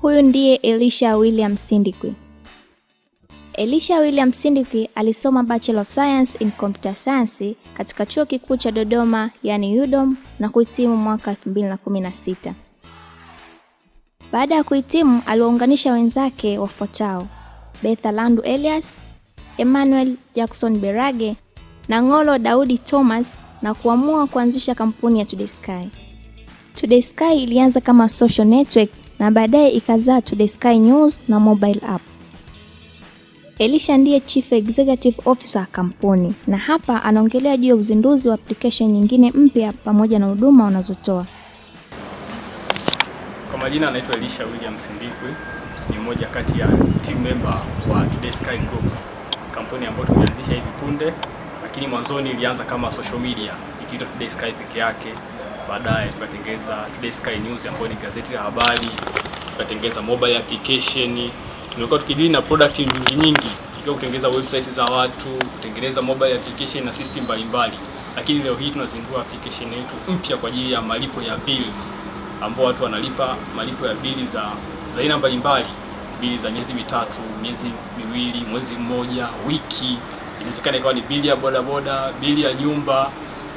Huyu ndiye Elisha William Sindikwi. Elisha William Sindikwi alisoma Bachelor of Science in Computer Science katika Chuo Kikuu cha Dodoma, yani UDOM na kuhitimu mwaka 2016. Baada ya kuhitimu aliwaunganisha wenzake wafuatao: Betha Landu Elias, Emmanuel Jackson Berage na Ng'olo Daudi Thomas na kuamua kuanzisha kampuni ya Today Sky. Today Sky ilianza kama social network na baadaye ikazaa Today Sky News na mobile app. Elisha ndiye Chief Executive Officer kampuni na hapa anaongelea juu ya uzinduzi wa application nyingine mpya pamoja na huduma wanazotoa. Kwa majina anaitwa Elisha William Sindikwe, ni mmoja kati ya team member wa Today Sky Group, kampuni ambayo tumeanzisha hivi punde lakini mwanzoni ilianza kama social media ikiitwa Today Sky peke yake. Baadaye tukatengeza Today Sky News ambayo ni gazeti la habari, tukatengeza mobile application. Tumekuwa tukidili na product nyingi nyingi, ikiwa kutengeza website za watu, kutengeneza mobile application na system mbalimbali, lakini leo hii tunazindua application yetu mpya kwa ajili ya malipo ya bills, ambao watu wanalipa malipo ya bili za za aina mbalimbali, bili za miezi mitatu, miezi miwili, mwezi mmoja, wiki inawezekana ikawa ni bili ya bodaboda, bili ya nyumba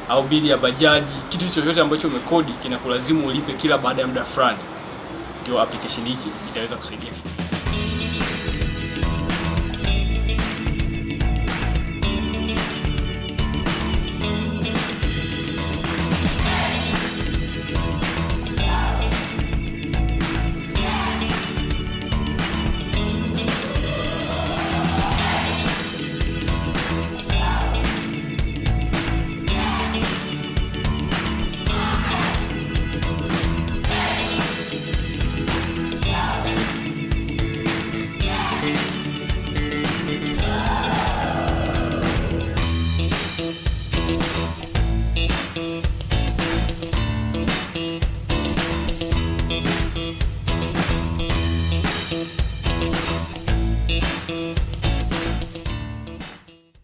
au bili ya bajaji. Kitu chochote ambacho umekodi kinakulazimu ulipe kila baada ya muda fulani, ndio application hii itaweza kusaidia.